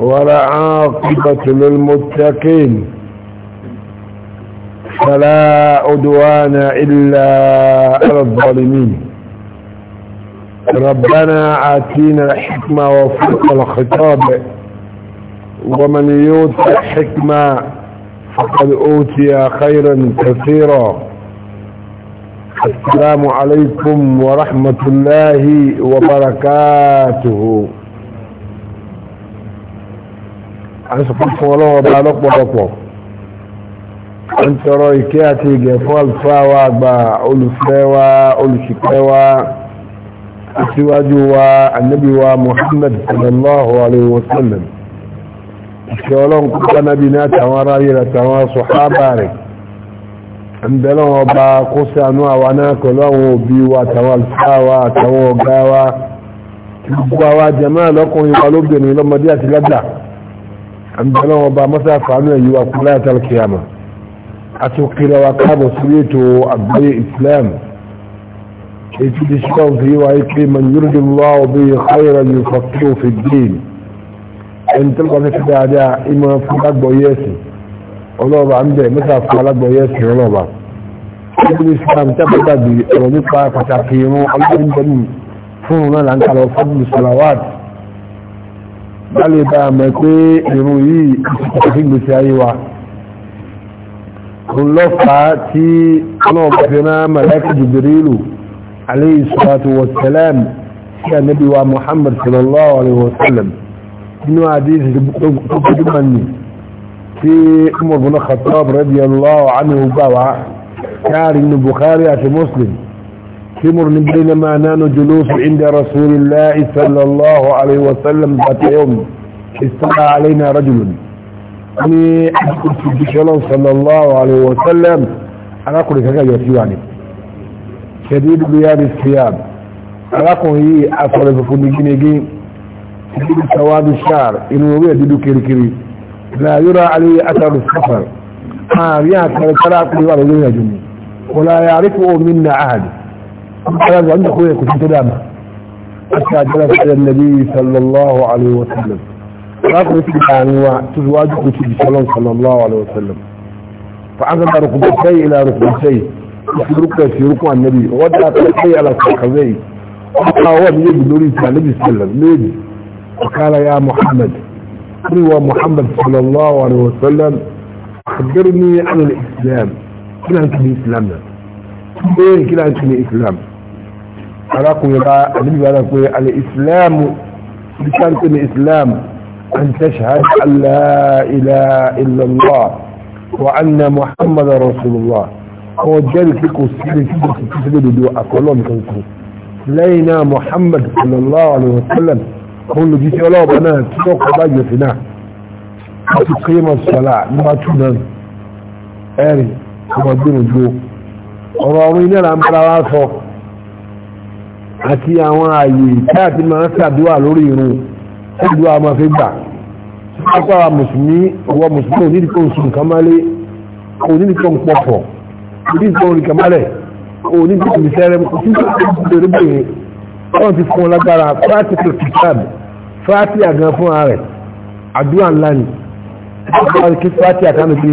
ولا عاقبة للمتقين فلا عدوان إلا على الظالمين ربنا آتينا الحكمة وفق الخطاب ومن يوت الحكمة فقد أوتي خيرا كثيرا السلام عليكم ورحمة الله وبركاته a ń sọpọ̀ fún ọlọ́wọ́ bá lọ́pọ̀lọpọ̀ a ń tọrọ ìkẹ́ àti ìgẹ̀ fún àlùfáà wa àgbà olùfẹ́ wa olùṣìpẹ̀ wa aṣíwájú wa annabi wa muhammad sallallahu alaihi wasallam ìṣẹ́ ọlọ́run kúkọ́ nábi ní àtàwọn ará rí àtàwọn sọ̀hábà rẹ̀ ń bẹ̀rẹ̀ wọn bá kó sànú àwa náà pẹ̀lú àwọn òbí wa àtàwọn àlùfáà àtàwọn ọ̀gá wa gbogbo àwa jẹ̀mọ́ àlọ́kùnrin wa lóbìnrin lọ́mọdé àti lágbàá àmìbẹ̀lẹ̀ ọba mọ́sá fàánú ẹ̀yí wa kú láyé tàlkìyàmà a tó kíra wa káàbọ̀ sí ètò àgbáyé islam ètò ti ṣíkà òfin yíwa ike man yúrùdì lọ́wọ́ bí khayran yóò fàkí òfin dín ẹni tó kọ́ fífi dáadáa ìmọ̀ fún alágbọ̀yé ẹ̀sìn ọlọ́ọ̀bà ń bẹ̀ mọ́sá fún alágbọ̀yé ẹ̀sìn ọlọ́ọ̀bà ètò islam tábàdàbí ọ̀rọ̀ nípa pàtàkì irun ọlọ́ọ̀bà ń bẹ̀ fún un náà là ń kalọ̀ fọ́dún salawat bálẹ̀ bá mẹ́ pé irú yìí ìfìgbèsí ayé wa kùn lọ́fà tí ọlọ́ọ̀bá fi rán mẹ́lẹ́kì jùbìrìlù alayhi salatu wassalam sí ànábì wa muhammad sallallahu alaihi wasallam inú àdíyèsí tó kúrò mọ́ ni tí umar bin khattab radiyallahu anhu gbà wá káàrin bukhari àti muslim تمر بينما نحن جلوس عند رسول الله صلى الله عليه وسلم ذات يوم استمع علينا رجل أني أذكر في بشلون صلى الله عليه وسلم أنا أقول لك هكذا يسيواني شديد بيان الثياب أنا أقول هي أصل فكوني جينيجي شديد سواد الشعر إنه هو يديدو كيري لا يرى عليه أثر السفر ها آه يا كلا كلا أقول ولا يعرفه منا أحد قال عند اخويا في تنام حتى جلس على النبي صلى الله عليه وسلم فاقرت الانواع تزواجك تجي صلى الله عليه وسلم فعظم ركبتي الى ركبتي يسرك في ركوع النبي وودع تلقي على ساقيه وقاوم يجب نريد النبي صلى الله عليه وسلم وقال يا محمد هو محمد صلى الله عليه وسلم أخبرني عن الإسلام كلا أنت من إسلامنا إيه كلا أنت من إسلام arákùnrin bá àdébìbá náà pé alẹ́ ìsìláàmù bíkan tó ní ìsìláàmù an tashhad alla ilaha illallah wa anna muhammad rasulullah kọ́ jẹ́rìí sí kò sí lè kíkò sí títí lódodo àkọlọ́ nǹkan kù lẹ́yìn náà muhammad sallallahu alaihi wasallam kọ́ lójú sí ọlọ́ọ̀bá náà tí ó kọ́ bá yẹ̀ sí náà láti kéèmọ̀ sọ́lá nígbà tún náà ẹ̀rì ọmọdé òjò ọ̀rọ̀ ọ̀run ilé ra ń bára wá sọ àti àwọn ààyè káàkiri máa ń sàdúwà lórí irun ẹgbẹ́ àwọn afẹ́ gbà pápá mùsùlùmí ọwọ́ mùsùlùmí onídìkọ́ oṣù kàmálẹ̀ onídìkọ́ pọ̀pọ̀ onídìkọ́ orin kàmálẹ̀ onídìkọ́ ìṣẹ́rẹ́ onídìkọ́ wọ́n ti fún lágbára practical kitab fati àgán fún ààrẹ àdúrà ńlá ni wọ́n kí fati àkánù bí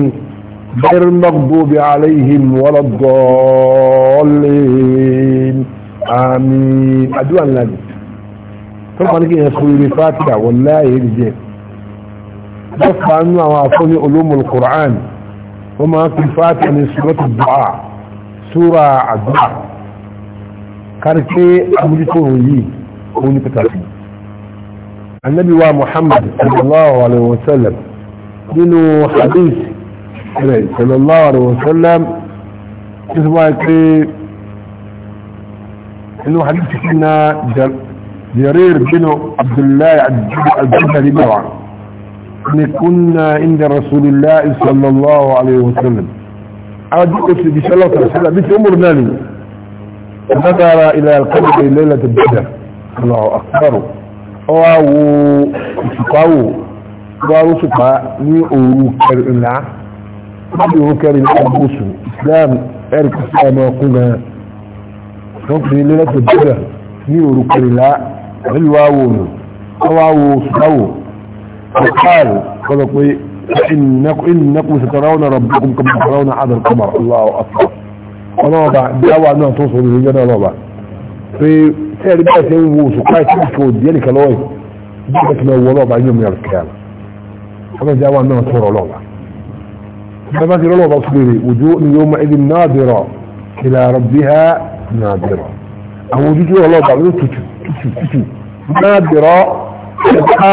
bẹ́rẹ̀ mọ́gbó bí aláìhìn wọ́lọ́gbọ́ọ́lẹ́yìn àmín àdúrà ńlá ni tó kàn ní kí yẹn sórí fatiha wàláyé rí jẹ́ lọ́fà nínú àwọn afọ́ní olómọ̀lù Qur'an wọ́n máa fi fatiha ní suratu du'a sura àdúrà karfe amúlítò yìí òun ní pàtàkì annabi wa muhammad sallallahu alaihi wasallam nínú hadith sallallahu alaihi wasallam ìsúnmọ́ pé انه حديث سيدنا جرير بن عبد الله الجبري بن عمر ان كنا عند رسول الله صلى الله عليه وسلم اردت في صلى الله عليه بنت امر نالي فنظر الى القبر ليلة البدر الله اكبر واو سقاو قالوا سقا ني اورو كرنا ما بيورو كرنا ابوسو اسلام ارك اسلام وقنا wọ́n fi ilé lẹ́tọ̀ bẹ̀rẹ̀ ní òru kẹrìnlá pẹ̀lú àwòrán awawo sùdáwò ọ̀kàrù kọ́dọ̀ pé ìnìyànkú sàtàràwọ̀n rabbukum kama sàtàràwọ̀n adal qamar Allahu akbar ọlọ́ọ̀bà dáwà náà tó sọ̀rọ̀ ìrìnjẹ́ náà lọ́ba pé tẹ́ẹ̀rí bá ṣe ń wo òṣùpá ìtìlì kò díẹ̀ nìkan lọ́wọ́ yìí bí wọ́n ti lọ wọ́ lọ́ba yóò mú yàrá kíyàrá ọlọ́ dáwà náà tó rọ̀ lọ́ba bá bá ti rọ́ lọ́ba tó lè ojú ni yóò máa ẹni náà dẹ̀rọ̀ ila rabbiha نادرة àwọn ojú ọlọ́ọ̀bà ló tutù tutù tutù nádìrọ́ ẹ̀ká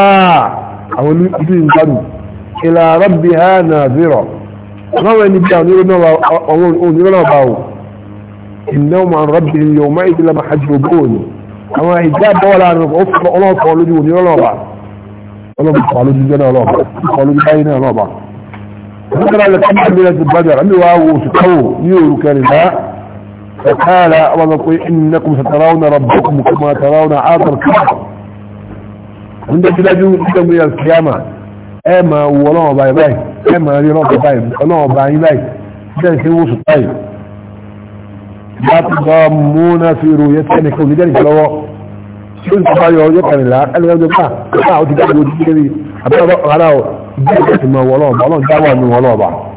àwọn ojú ìgbàdù ilẹ̀ arábì ha nàdìrọ̀ ọlọ́wọ́ ẹni bí àwọn onírọ́lọ́ọ̀bà o ìnáwó ma rọ́bì yóò máa ìdílé ma hajj ògbóòlù àwọn ìjà bọ́ọ̀lá ọlọ́ọ̀fọ́ lójú onírọ́lọ́ọ̀bà ọlọ́ọ̀fọ́ lójú jẹ́ náà ọlọ́ọ̀bà ọlọ́ọ̀fọ́ lójú báyìí náà ọlọ́ọ̀bà فقال وقل إنكم سترون ربكم كما ترون عاطر كبير من ده تلاجو إلى القيامة أما ولو باي باي أما لنوك باي ولو باي باي ده يسيوش الطيب لا تضامون في رؤيتكم لكم لذلك لو شو رؤيتك يوجدكم الله قال لي ما ما أعطي قبل وجدك لي أبقى غلاو ده ما ولو باي ولو دعوة من ولو باي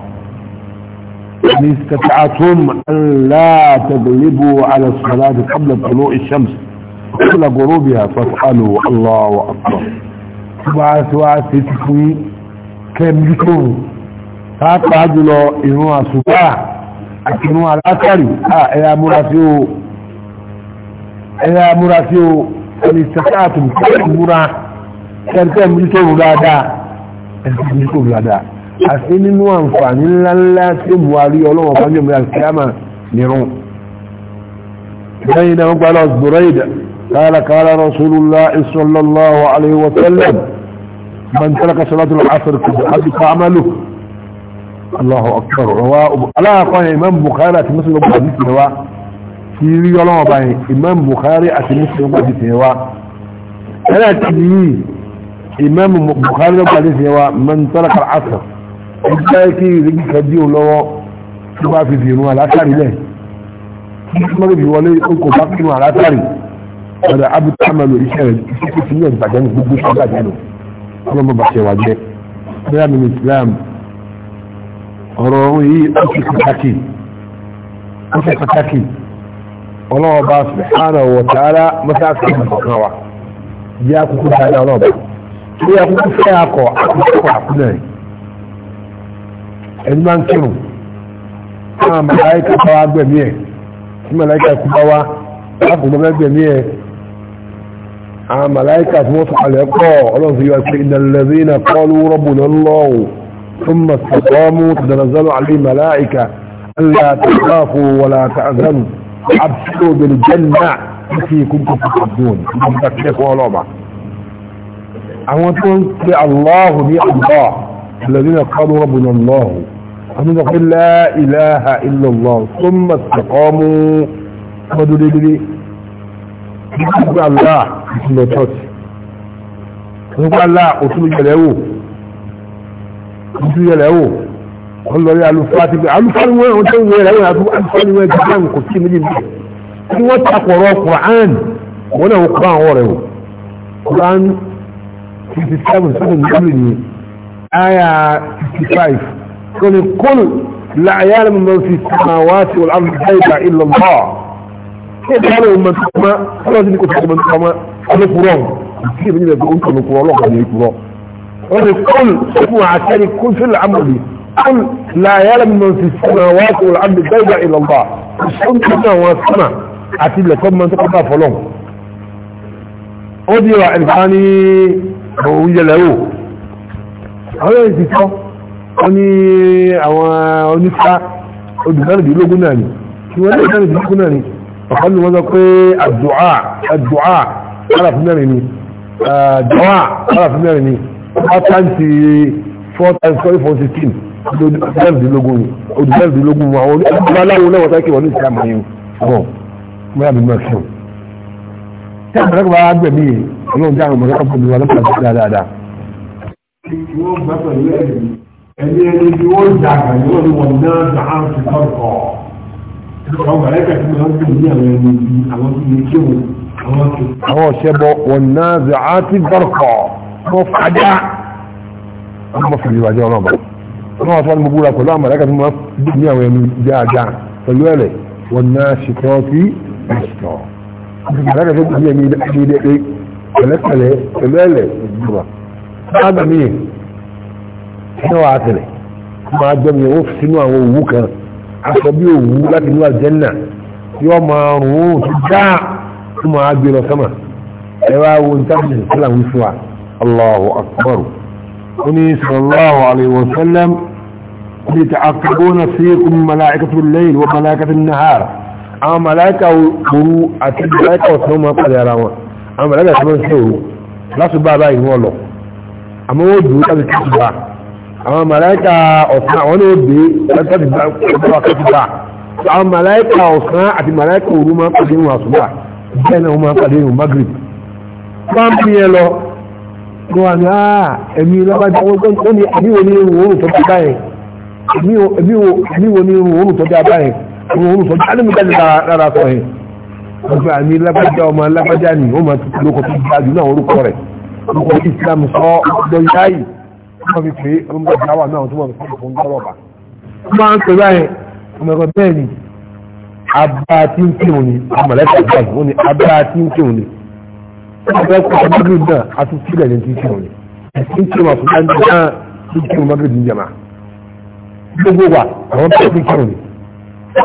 يعني استطعتم أن لا تغلبوا على الصلاة قبل طلوع الشمس قبل غروبها فاسألوا الله أكبر سبعة سبعة ستفوي كم يكون تاتا جلو إنوا سبعة أكنوا الأكري آه إلى مراسيو إلى مراسيو أن استطعتم كم مرا كم يكون لا دا كم يكون لا دا àti nínú àǹfààní ńláńlá tí buhari ọlọ́wọ̀n fánjọ́ mẹ́rin kíámà nìrún lẹ́yìn náà gbálọ́ zùrẹ́ìdà kárakára rasulullah sallallahu alaihi wasallam man taraka salatu al-asr kò hadu ta'amalu allahu akbar rawa alaakon imam bukhari àti muslim bu hadith ne wa ti ri ọlọ́wọ̀n báyìí imam bukhari àti muslim bu hadith ne wa ẹ̀rẹ́ àti yìí imam bukhari bu hadith ne wa man taraka al-asr ẹgbẹ́ kí ìrìgì kẹbí ò lọ́wọ́ tó bá fi bìrún àlátàrí lẹ̀ kí mọ́rọ̀ bí wọlé kò bá kínú àlátàrí ọ̀dọ̀ abúkàmà lórí iṣẹ́ rẹ̀ iṣẹ́ tó ti ní ẹ̀gbàjẹ́ ní gbogbo ṣọ́gbàjẹ́ lọ ọmọ bàbá ṣe wà jẹ́ bẹ́ẹ̀ mi Islam ọ̀rọ̀ ọ̀hún yìí ó ṣe pàtàkì ó ṣe pàtàkì ọlọ́wọ́ bá subhanahu wa ta'ala mọ́sáàkì ìmọ̀kan wa jẹ́ akúkú dáadáa ọlọ́ọ̀bá tí akúkú fẹ́ akọ̀ akúkú akúnẹ̀ ẹni máa ń kírun máa màláìka bá wá gbẹ̀mí ẹ̀ tí màláìka kú bá wá lákòókò bá gbẹ̀mí ẹ̀ àwọn màláìka tí wọ́n sọ̀kalẹ̀ kọ́ ọlọ́run fi yọ pé ìdàlẹ́bí qalu rabbuna Allah ثم استقاموا تتنزل عليه ملائكة ألا تخافوا ولا تأذنوا وأبشروا بالجنة التي كنتم تحبون أبدا كيف ولوبة أنا تقول الله بي الله الذين قالوا ربنا الله أن تقول لا إله إلا الله ثم استقاموا فدل لي بحسب الله بسم الله بحسب الله أصول جلعوه أصول جلعوه قال له يا الفاتح الفاتح وين وين وين الفاتح وين كان كنت من دي في وقت قراء القرآن قرآن ولا قرآن في كتاب سنة قبلني آية 65 قل كل لا يعلم من في السماوات والأرض غيبا إلا الله قالوا من السماء خلاص إنك تقول من السماء أنا قرآن كيف إنك تقول أنت من قرآن الله قال قرآن قل قل اسمع عشان كل في الأمر دي قل لا يعلم من في السماوات والأرض غيبا إلا الله السماء والسماء àti ilẹ̀kọ́ من tó kọ́kọ́ fọ́lọ́n ó dí wa ìfàání òun yẹlẹ̀ wò àwọn ẹ̀rọ ìsìnkọ́ wọ́n ní àwọn onífà olùdánilélógún náà ni kí wọ́n lè dánilélógún náà ni ọ̀kan ni wọ́n sọ pé àdùá àdùá ara fún mẹ́rin ni àdùá ara fún mẹ́rin ni four times four times sorry four sixteen olùdánilélógún ni olùdánilélógún wọn àwọn olùdaláwo náà wọ́n sọ pé wọ́n ní ìsìlámù yẹn bọ̀ mọ́ra mi máa tí wọ́n gbà pẹ̀lú ẹ̀rí ẹni ẹni tí wọ́n jà gà ní wọ́n ní wọ́n náà dà á ti kọ́ kọ́ àwọn mọ̀lẹ́kà tí wọ́n ti ní àwọn ẹni bí àwọn tí wọ́n kéwò àwọn tó. àwọn ọ̀sẹ̀ bọ̀ wọ́n náà dà á ti kọ́ kọ́ wọ́n fàdá wọ́n mọ̀ fìdí wájú ọ̀rọ̀ wọ́n wá fọ́nù gbogbo pẹ̀lú àwọn mọ̀lẹ́kà tí wọ́n ní àwọn ẹni dáadáa pẹ̀lú ẹ̀rẹ̀ wọ́n náà ṣètọ́ sáàgbà mí ní wàá tẹ̀lẹ̀ máa jọ mi ó fi sínú àwọn òwú kan aṣọ bí òwú láti inú àjẹ́nà yóò máa rùn ún tó dá tó máa gbé lọ sọ́mà ẹ wá wo ní tábìlì sílà ń fún wa Allahu akbar ó ní sallallahu alayhi wa sallam ó ní ta'aqabuna fiikum mala'ikatul layl wa mala'ikatul nahar àwọn màláìkà òru àti màláìkà ọ̀sán máa pàdé ara wọn àwọn màláìkà tó máa ń ṣe òru lásùbà báyìí wọ́n lọ àmọ́ wọ́n dùn láti tẹ́tù bá àwọn màláìka ọ̀sán àwọn náà dé láti tẹ́tù bá àwọn màláìka ọ̀sán àti màláìka òru máa ń pàdé ìwọ̀n àsùnbà bẹ́ẹ̀ náà wọ́n máa ń pàdé ìwọ̀n magrib wọ́n ń pín yẹn lọ wọ́n wà ní ah, ẹ̀mí lábájá wọ́n ní ẹ̀mí wo ni òórùn tó ti báyẹn ẹ̀mí wo ni òórùn tó ti báyẹn òórùn tó ti alẹ́mìtájú lára sọ yẹn wọ́n gbà ní lábájá ọmọ lábájá ni wọ́n máa ti lóko tó ti bá jù náà orúkọ rẹ̀ ọkọ̀ islam sọ ọdọ̀ yáyì wọ́n fi pé ọmọ ìdáwà náà tó wọ́n fi fún dọ́rọ̀ bá máa ń pè báyìí ọmọ ẹ̀kọ́ bẹ́ẹ̀ ni abá tí ń kéwòn ni amọ̀lẹ́kọ̀ bẹ́ẹ̀ ni wọ́n ni abá tí ń kéwòn ni ọmọlẹ́kọ̀ ọmọdún náà a ti sílẹ̀ ní ti kéwòn ni ẹ̀sìn kéwòn àfúnjá ní náà ti kéwòn mọ́gìrì ní jẹ̀mà gbogbo wa àwọn bẹ́ẹ̀ ti kéwòn ni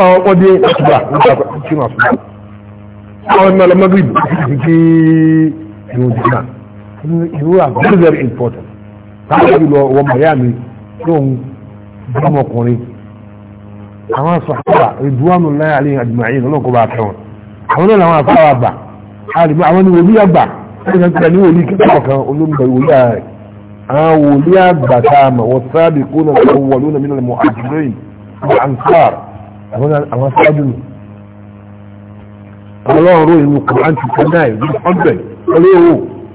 àwọn ọmọdé àtúbà ní kéwòn àfúnjá àwọn ọmọ you are very very important káàkiri jùlọ wọ miami lóhun gbọmọkùnrin àwọn sọ̀tọ́wà ìdúwánu láyé àlẹ́ àjùmáyé lọ́nà kó bá fẹ́ wọn àwọn náà làwọn afáwà gbà àdìmọ́ àwọn ni wòlíì àgbà wọ́n ti tẹ̀lé wòlíì kíkọ́ kan olóńgbà wòlíì ààrẹ àwọn wòlíì àgbà tá a mọ̀ wọ́n sábì kó náà wọ́n wọ́n lónà mìíràn mọ́ àjùmọ́yìn àwọn ansar àwọn sáájú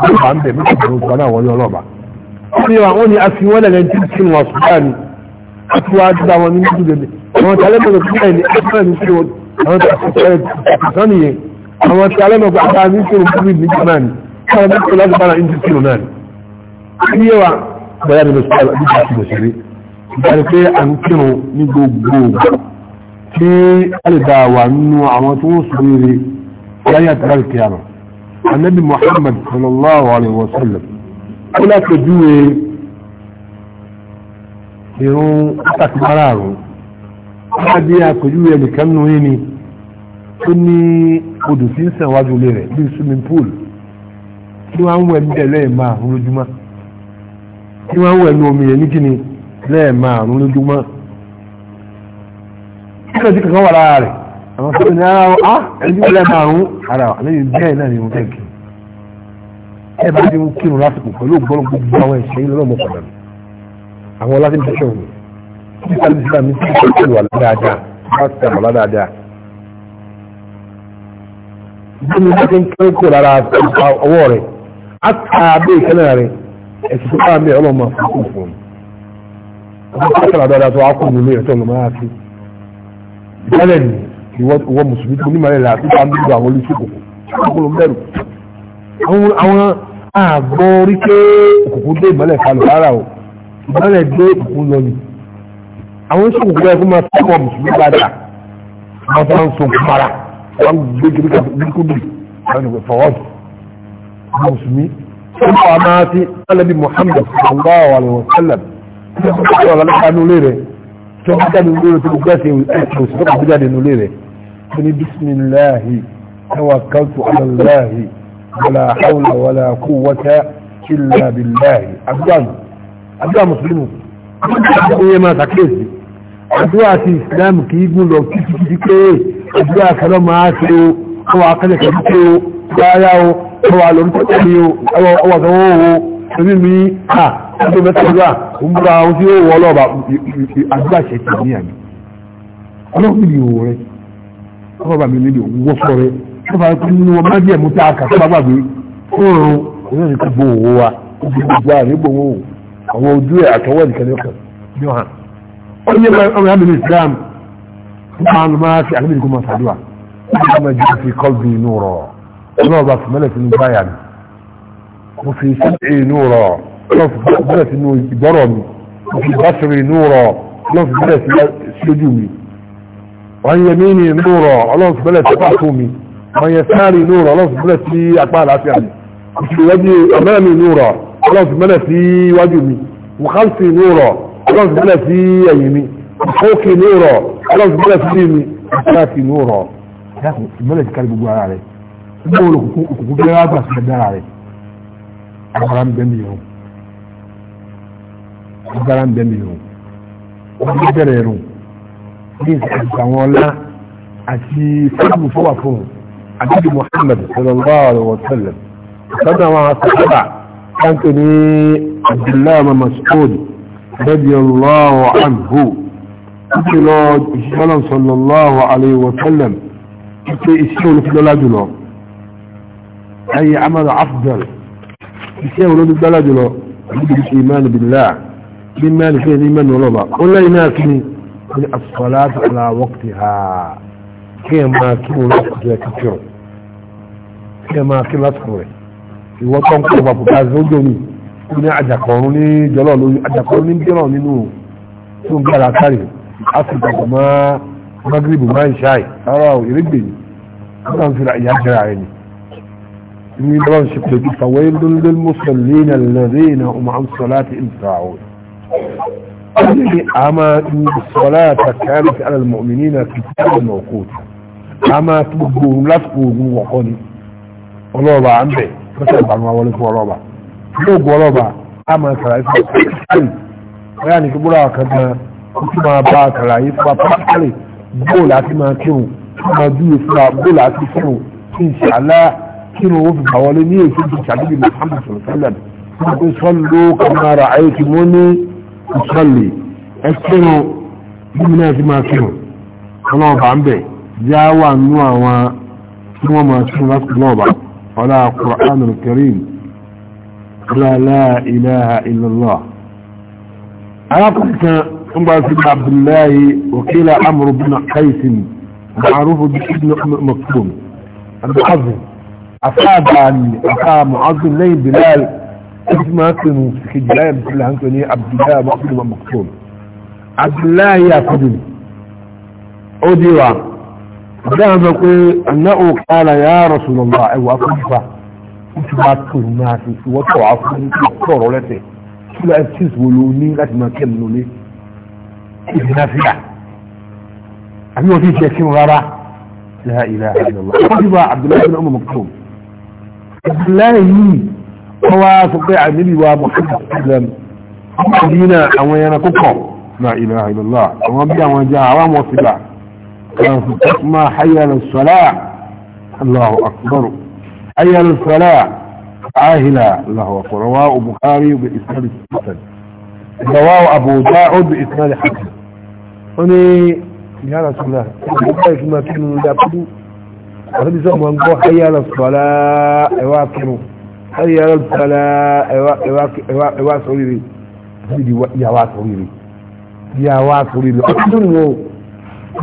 nípa ń bẹ̀ mẹ́ta ìgbà òṣùwà náà wọlé ọlọ́ọ̀bà ní àwọn ni a fi wọ́n lẹ́lẹ́ tí kí wọ́n sùn dáa a ti wá dá wọn ní mọ́tò gẹ̀dẹ̀ àwọn tí alẹ́mọ̀gbẹ̀ tó báyìí ni ẹgbẹ́ ní sí wọn àwọn tí a ti fẹ́ ìtàn nìyẹn àwọn tí alẹ́mọ̀gbẹ̀ àbá ní sí wọn bíbí ní jọ náà ni káwọn bí kò láti bára ní sí wọn náà ni ní yẹwà bọ́yá ni bẹ̀sẹ̀ bí kò sí bẹ̀sẹ̀ rí ìdáni pé à ń kírun ní gbogbo tí alẹ́ dá wà nínú àwọn tó ń sọ النبي محمد صلى الله عليه وسلم ولا تجوي irun atakmararun láàbí àpèjúwe ẹnìkan nù yín ni tó ní odò tí ń sàn wájú ilé rẹ̀ bíi swimming pool tí wọ́n ń wẹ̀ ní ẹ̀ lẹ́ẹ̀márùn lójúmọ́ tí wọ́n ń wẹ̀ ní omi yẹn ní kíni lẹ́ẹ̀márùn lójúmọ́ kí ló ti kankan wà lára rẹ̀ àwọn tó ní ara á ah, ẹni ọlẹ́ márùn-ún ara àlẹ́yìn bẹ́ẹ̀ náà ni mo tẹ́ kí ẹ bá ti ń kírun lásìkò pẹ̀lú ògbọ́n gbogbo àwọn ẹ̀ṣẹ́ ilé ọlọ́mọ pẹ̀lú àwọn láti ń tẹ̀sán òun kí sáré sílá mi sí ìṣẹ́ ìlú àlá dáadáa bá ti àmàlá dáadáa. bí mi bá ti ń kẹ́rẹ́ kó lára ọwọ́ rẹ̀ á ta abẹ́ ìkẹ́lẹ́ rẹ̀ ẹ̀sìn tó bá mi ọlọ́mọ fún fún mi. ọmọ tó kẹ́lá dáadáa tó á kó mi lé ẹ̀tọ́ ọlọ́mọ ìwọ mùsùlùmí tó nímọ̀ ẹ̀rẹ̀ àti ìta nígbà àwọn olùsìnkò ọkùnrin ń bẹ̀rù àwọn àgbọ̀ orí pé òkùnkùn dé ìmọ̀lẹ̀ kalẹ̀ rárá o ìmọ̀lẹ̀ dé òkùnkùn lọ ni àwọn ìṣòkùnkùn bẹ́ẹ̀ fún máa tẹ́kọ̀ọ́ mùsùlùmí dáadáa wọ́n fẹ́ràn sọ kumara wọ́n gbé kiri ká bíkúbi wọ́n ìwé fọwọ́sì mùsùlùmí sọ́nà àmà àti alẹ́bí Muhammad sallallahu alayhi wa sallam tó bá jáde lórí tó gbẹ́sẹ̀ ẹ̀kọ́ sí tọ́kà tó jáde lórí rẹ̀ tó ní bísmìláhì tawakkaltu ala Allahi wala hawla wala quwwata illa billahi abúgbàmù abúgbà mùsùlùmù oye máa sàkíyèsí àdúrà àti islam kì í gùn lọ títí pé àdúrà kan máa ṣe o ọwọ́ akẹ́lẹ̀kẹ́ pé o gbáyà o ọwọ́ àlọ́ torí mi à ọdún mẹ́tàlá ń bá ohun tí ó wọ ọlọ́ọ̀bà àdúrà ṣe ti ní àmì ọlọ́run ní ìwò rẹ ọlọ́ọ̀bà mi nílò owó sọ rẹ tó bá nínú ọmọ díẹ̀ mú tá a kà tó bá gbàgbé oòrùn oníyàn ní owó wa ó di gbogbo àrẹ àwọn ojú ẹ̀ àtọwọ́ nìkan ní ní ọ̀hán ó ní ọmọ yàrá mi ní Islam ní وفي سمعي نورا وفي بلس برمي وفي بصري نورا وفي بلس سجومي وعن يميني نورا وفي بلس بحكومي وعن يساري نورا وفي بلس أقبال عفاني وفي وجه أمامي نورا وفي بلس وجمي وخلفي نورا وفي بلس أيمي وفوقي نورا وفي بلس يمي وفي نورا يا أخي الملك كان بيقول عليه يقول لك كنت بيقول لك agbára ń bẹ mi o agbára ń bẹ mi o wọ́n ti bẹ̀rẹ̀ rùn ní àwọn ọlá àti fúlùmù fọwà fún un àdébí Muhammad sallallahu alaihi wa sallam sọ́dọ̀ àwọn asọ́sọ́bà káńtó ní Abdullahi Mas'ud radiyallahu anhu títí lọ ìṣọ́nà sallallahu alaihi wa sallam títí iṣẹ́ olùfilọ́lá jùlọ ayé amadu afdal iṣẹ́ wo ló ní gbálá jùlọ àbúrò ṣe ìmánu bìlá bí mánu ṣe ní ìmánu ọlọ́ba ó lẹ́yìn náà kí ni ó ní àsọ̀lá àtàlà wọ́kìtì ha kí ẹ máa kí wọn lásìkò rẹ kí ọ kí ẹ máa kí lásìkò rẹ ìwọ tó ń kó ọba pọ̀ káàzì ó jẹun ó ní àjàkọ̀ọ̀rún ní jọlọ lórí àjàkọ̀ọ̀rún ní jọlọ nínú tó ń gbára kárì àfìgbà kò máa magribu من راشب فويل للمصلين الذين هم عن صلاة انفاعون أما إن الصلاة كانت على المؤمنين في كتابا موقوت أما تبقوهم لا تبقوهم وقوني والله با عم بي فتبع الموالك والله با فلوق والله با أما كلايف وقوني يعني كبرا كما كما با كلايف وقوني بولا كما كنو كما دي فلا بولا كما كنو إن شاء الله كيلو وفق حواليني يشد النبي محمد صلى الله عليه وسلم صلوا كما رأيتموني أصلي أسكنوا بمناس ما كنوا الله بعم بي جاوا نوا و ما كنوا نسك الله بعم ولا قرآن الكريم لا لا إله إلا الله علاقتك عمر بن عبد الله وكيل عمرو بن قيس معروف بابن مكتوم أبو حزم أصابني أخا معاذ بن بلال اسمه كانوا في جلال بن هنكني عبد الله مقتول ومقتول عبد الله يا فضل أدوا ذهب يقول أنه قال يا رسول الله وأكفى كنت باتكل ما في وتعفوني تذكر لتي كلا أبتز ولوني لك ما كملوا لي إذن فيها أمي وفيك يا كم غرا لا إله إلا الله أدوا عبد الله بن أم مقتول الله هو فقي عملي ومحمد صلى الله عليه وسلم ما إله إلا الله وما بيا وما جاء وما صلى ما حي للصلاة الله أكبر حي للصلاة عاهلا الله أكبر رواه البخاري بإسناد الحسن رواه أبو داود بإسناد حسن هني يا رسول الله àti sọ ma ń gbọ́ ayára sọ́lá ẹwà kẹrù ayára sọ́lá ẹwà sọ́rìrì níbi ìyàwó sọ́rìrì ìyàwó sọ́rìrì ọ̀tún tó nìwọ̀n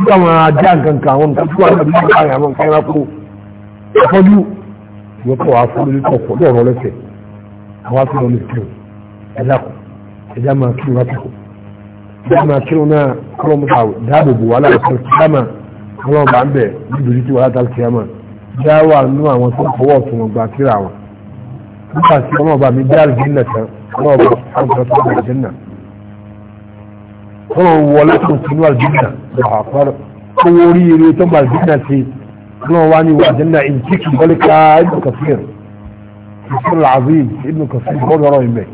tí a máa já nǹkan kan àwọn nǹkan tó wà níbi ìgbà àwọn àwọn nǹkan ẹranko ìfọ́jú ìwọ́n kọ́ wa fún orí kọ̀ọ̀kọ́ ní ọ̀rọ̀ lẹ́sẹ̀ àwọn tó lọ́ọ́ lè na ẹ̀dá kù ẹ̀dá máa kírun láti kù ẹ̀dá máa kírun náà kọ́lọ́mù ọlọ́run bá ń bẹ̀ níbi tí wàhálà tàbí kíámà já wà nínú àwọn tó fọwọ́ tó wọn gba kíra wọn nígbà tí ọlọ́run bá mi dé àlùjẹ́nà tán ọlọ́run bá àlùjọ tó wà àlùjẹ́nà ọlọ́run wọlé tó tinú àlùjẹ́nà lọ́wọ́ àpárọ̀ tó wọ orí eré tó gba àlùjẹ́nà ti ọlọ́run wá ní wà àlùjẹ́nà ìjíkì wọlé ká ibn kafir kafir làzim ibn kafir bọ́ọ̀lù ọ̀rọ̀ ìmẹ̀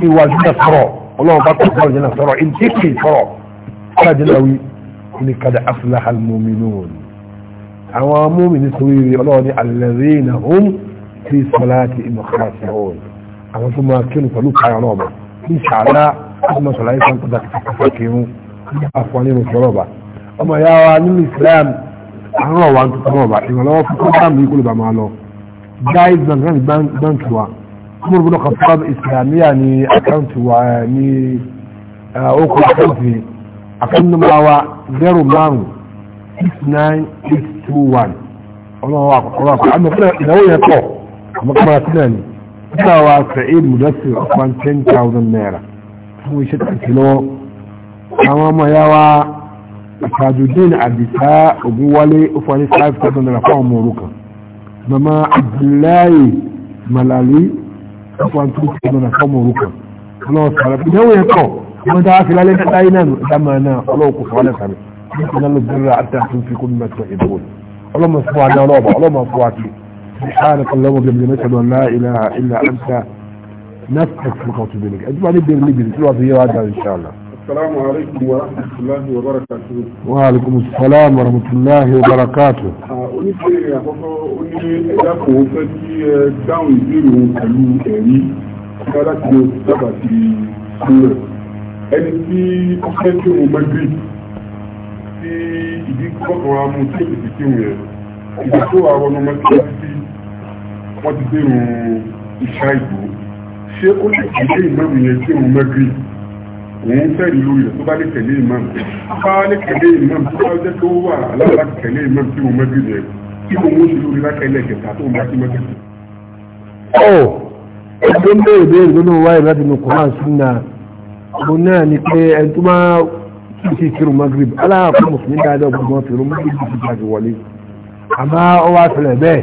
ní wà àlùjẹ́nà sọ̀rọ̀ ọlọ́run bá kọ̀ ní kada aflaha almuminun àwọn múmini sórí ọlọ́ọ̀ni alladhina hum fi salati khashi'un àwọn tó máa kírun pẹ̀lú káyọ̀ náà bọ̀ ní sàárá ọmọ sọ̀láyé kan kọjá kàkàkà kírun ní àfọwọ́n nínú sọ̀rọ̀ bá ọmọ ìyá wa nínú Islam àwọn ọ̀wà tó tọrọ bá ìrànlọ́wọ́ fún kọ́ńtàmù yìí kó lè bá máa lọ guys and grand bank wa kuma rubuta kafar islamiyya ne account wa ni okun account ne a kan numawa 0969821 ọlọ́wọ́ àkọ́kọ́rọ́ àkọ́kọ́ àmì fún ìnáwó yẹn pọ̀ àmọ́ kọ́mọ́ sílẹ̀ ni nígbàwá sa'id mudassi ọkàn 10,000 naira fún iṣẹ́ tàbí lọ́wọ́ àwọn ọmọ ya wa tajudeen àdìsá ogunwálé ó fọ́ ní 5,000 naira fún ọmọ orúkọ mama abdullahi malali ó fọ́ ní 2,000 naira fún ọmọ orúkọ ọlọ́wọ́ sàrẹ̀ ìnáwó yẹn pọ̀ kuma ta haka lalai ta tsayi nan dama na Allah ku fara sami kuma na zirra hatta sun fi kuma masu ibon Allah masu fuwa na roba Allah masu fuwa ke سبحانك اللهم وبحمدك نشهد ان لا اله الا انت نستغفرك ونتوب اليك اجمع نبدا نبدا نشوف في هذا ان شاء الله السلام عليكم ورحمة الله وبركاته وعليكم السلام ورحمة الله وبركاته oníṣẹ́ àkọ́kọ́ oní ẹ̀dàkùn ó fẹ́ kí ẹ dáhùn ìbéèrè òun pẹ̀lú ẹ̀rí láti lè dábàá sí ìlú rẹ̀ ẹni tí ó fẹ́ tí òun mẹ́gbì tí ìdí kọ́kànlá mú tí ó ti kí òun yẹn ìgbà tó wà wọnú mẹ́ta títí wọ́n ti dérò ìṣá ìgbò ṣé ó lè kí ilé ìmọ̀mù yẹn tí òun mẹ́gbì òun fẹ́ẹ̀lì lórí rẹ̀ tó bá lè tẹ̀lé ìmọ̀mù bá lè tẹ̀lé ìmọ̀mù tó bá jẹ́ tó wà aláàlá tẹ̀lé ìmọ̀mù tí òun mẹ́gbì yẹn tí òun ó ṣe lórí lákẹ́lẹ̀ kẹta tó ń bá sí mẹ́gbì. ọ̀ oh, ẹgbẹ́ ń bẹ̀rẹ̀ bẹ́ẹ̀ lónìí wáyé láti nù kọ́ mo náà ni pé ẹni tó máa kìí kírun magrib aláàfin mùsùlùmí dáadáa gbogbo fèrè magrib ti jáde wọlé àmá ó wá fẹlẹ̀ bẹ́ẹ̀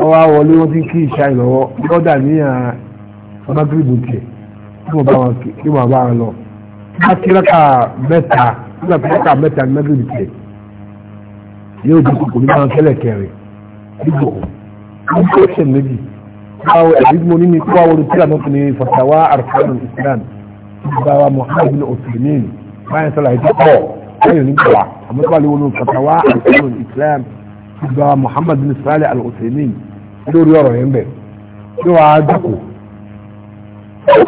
ó wá wọlé wọ́n ti kí ìṣá ìlọ́wọ́ lọ́dà ní magrib tiẹ̀ kí wọ́n bá wọn kí wọ́n bá wọn lọ bá kíláka mẹ́ta nígbà kíláka mẹ́ta ní magrib tiẹ̀ yóò di kòkò ní máa kẹ́lẹ̀ kẹrin dígbò ó ń tó ṣe méjì báwo ẹ̀rí mo ní ní kó àwọn olùkíra náà fún mi fatawa arkanul islam ìgbàwà mohamed osman báyìí sọ̀rọ̀ àìsí pọ̀ báyìí nígbà wa àmọ́tọ́lẹ̀ wọn fatawa àìsàn islam ìgbàwà mohamed salih al-osman lórí ọ̀rọ̀ yẹn bẹ̀ tí wọ́n á dàkó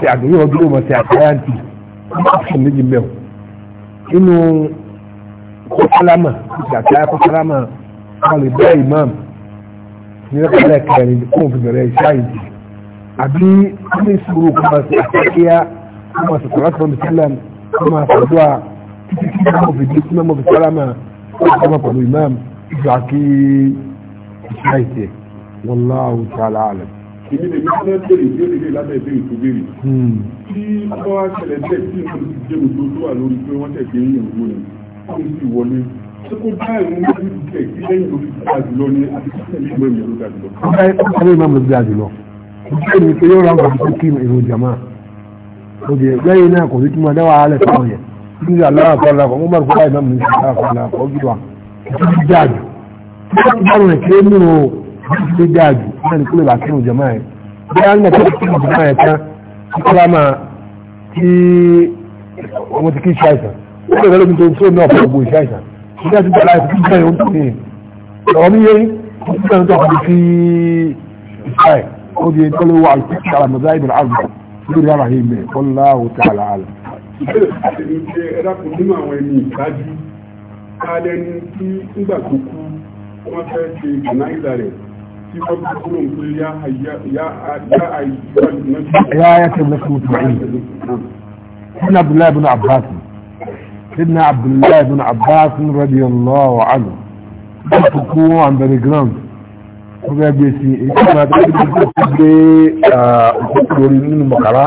ṣe àgbẹ̀yẹ̀ ọdún ló mọ̀ sí àkáyàntì ọ̀sán méjì mẹ́wọ̀ nínú kọ́sálámà ṣe àkáyà kọ́sálámà wọn lè imam ní ẹ̀kọ́ lẹ́kẹ̀ẹ́rin kó fi bẹ̀rẹ̀ iṣẹ́ àyè àbí ní sùúrù kọ́mọ̀ sí àkáyà kuma su kura kuma musallam kuma su zuwa títí tí wọ́n fi dé kuma mọ̀fi sálámà kuma pẹ̀lú imam ìjọ àti ìṣáìṣẹ́ wallahu ta'ala alam. èmi lè ní kí wọ́n béèrè béèrè lè lábẹ́ ìbéèrè tó béèrè. tí wọ́n wá ṣẹlẹ̀ bẹ́ẹ̀ tí wọ́n ti dé gbogbo tó wà lórí pé wọ́n tẹ̀sí ní ìrùn rẹ̀ wọ́n sì wọlé ṣé kó dá ìrùn méjì tẹ̀ kí lẹ́yìn lórí dáa jùlọ ni àti kí lẹ́yìn lórí dáa jùlọ. ọ̀gá ẹ̀ kọ́ òde lẹ́yìn náà kò ní túmọ̀ náà wàá lẹ̀ fáwọn yẹn kí ní àlọ́ àkọọ́lá kan wọ́n bá rúkọ́ báyìí náà mú àkọọ́lá kan ó jùlọ ìtú ti dáa jù ìtú ti dáa rẹ̀ kéré nínú ìtú ti dáa jù náà ní kúlẹ̀ bá kí ní òjò máa yẹn bí a ti kí òjò máa yẹn tán kí kọ́lá máa kí ọmọ ti kí iṣẹ́ àìsàn ó lè rẹ́lómi tó ń fún ọgbọ iṣẹ́ àìsàn ìṣẹ́ lórí ara yìí mẹ́ wallahu ta'ala alam. àti ṣe ẹ̀dàkùn nínú àwọn ẹni ìtajú káàdé ní tí nígbà tó kú wọ́n fẹ́ ṣe ìgbànáìlà rẹ̀ tí wọ́n fi kúrò ń pè yá ayé lẹ́kùn mutmain ibn abdullahi ibn abbas ibn abdullahi ibn abbas radiyallahu anhu wọ́n fi kú wọn àbẹ̀rẹ̀ ground wọ́n fẹ́ gbé sí èyí tí wọ́n ti gbé sí gbé òkúta lórí nínú mọ̀kàrá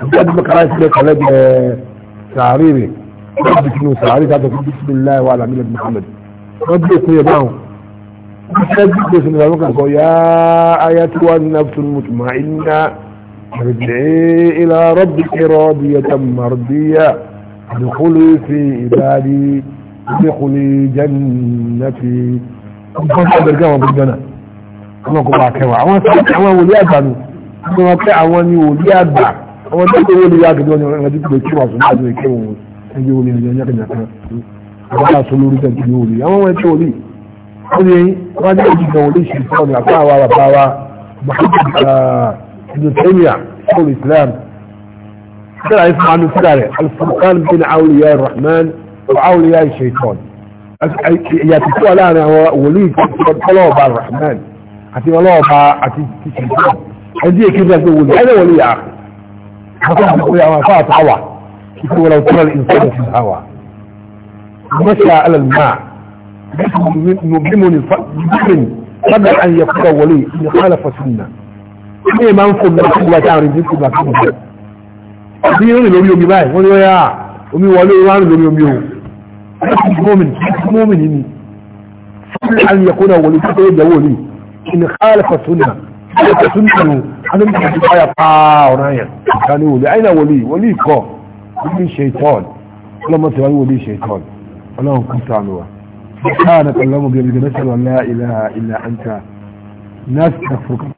àti àti mọ̀kàrá ìsílẹ̀ kọ́lẹ́ bẹ sàárè rẹ̀ wọ́n ti kinu sàárè kájọ fún bisimilayi wa alamí lẹ́bi muhammed wọ́n gbé sí ẹ̀bá wọn wọ́n fẹ́ gbé sí ẹ̀bá wọn kan kọ́ yá ayé tí wọ́n ní nàfẹ́ tó mutuma iná rìdìí ilà rọ́bì kẹrọ bí ẹ tẹ mọ̀rọ̀díyà àdìkúlù fi ìbáàdì àdìkúlù jẹ́ nàfi. Wọ́n fẹ́ gbẹ̀rẹ̀ gáwọn gbẹ̀rẹ̀ náà. àwọn kò bá kẹwàá àwọn sọ àwọn wòlíì àgbà nù ní wọn pé àwọn ni wòlíì àgbà àwọn tó kéwòn ní yàgò lọ́nà ọ̀rẹ́ ẹ̀dí pé kí wọ́n sọ láti ẹ̀kẹ́ wọn ẹ̀jẹ̀ wòlíì ẹ̀jẹ̀ ẹ̀jẹ̀ kẹ̀kẹ́ kan àwọn àṣọ lórí tẹ̀ kìí wòlíì àwọn wọn ẹ̀kẹ́ wòlíì ó ní wọn ní èjì kan wòlíì ṣe uh, fún ọ̀nà àpáwa bàbáwa Ibrahim Taymiyyah sọ̀rọ̀ Islam àti ọlọ́ọ̀bá àti ìṣẹ̀lẹ̀ ẹdí èké bí ẹgbẹ́ wòlé ẹgbẹ́ wòlé yà àkọ́kọ́ àti pé àwọn afá àtàwà kíkọ́ wọlé ọ̀tọ́ ìṣẹ̀lẹ̀ ti àwà mọ́ṣà alàlùmá mímúni fàbíyìn sábà àn yẹ kúrò wọlé ìyẹ kálà fọ̀túnà ní ìmá ń fò lọ síbi wájú àrùn ìdíkù bàtà òjò àti yìí lórí omi báyìí إن خالف السنة خالف السنة أنا مش بقايا طاورايا كانوا لأين ولي ولي كو ولي شيطان لما تقول ولي شيطان اللهم كنت عنه سبحانك اللهم بيبقى نسأل أن لا إله إلا أنت ناس تفرق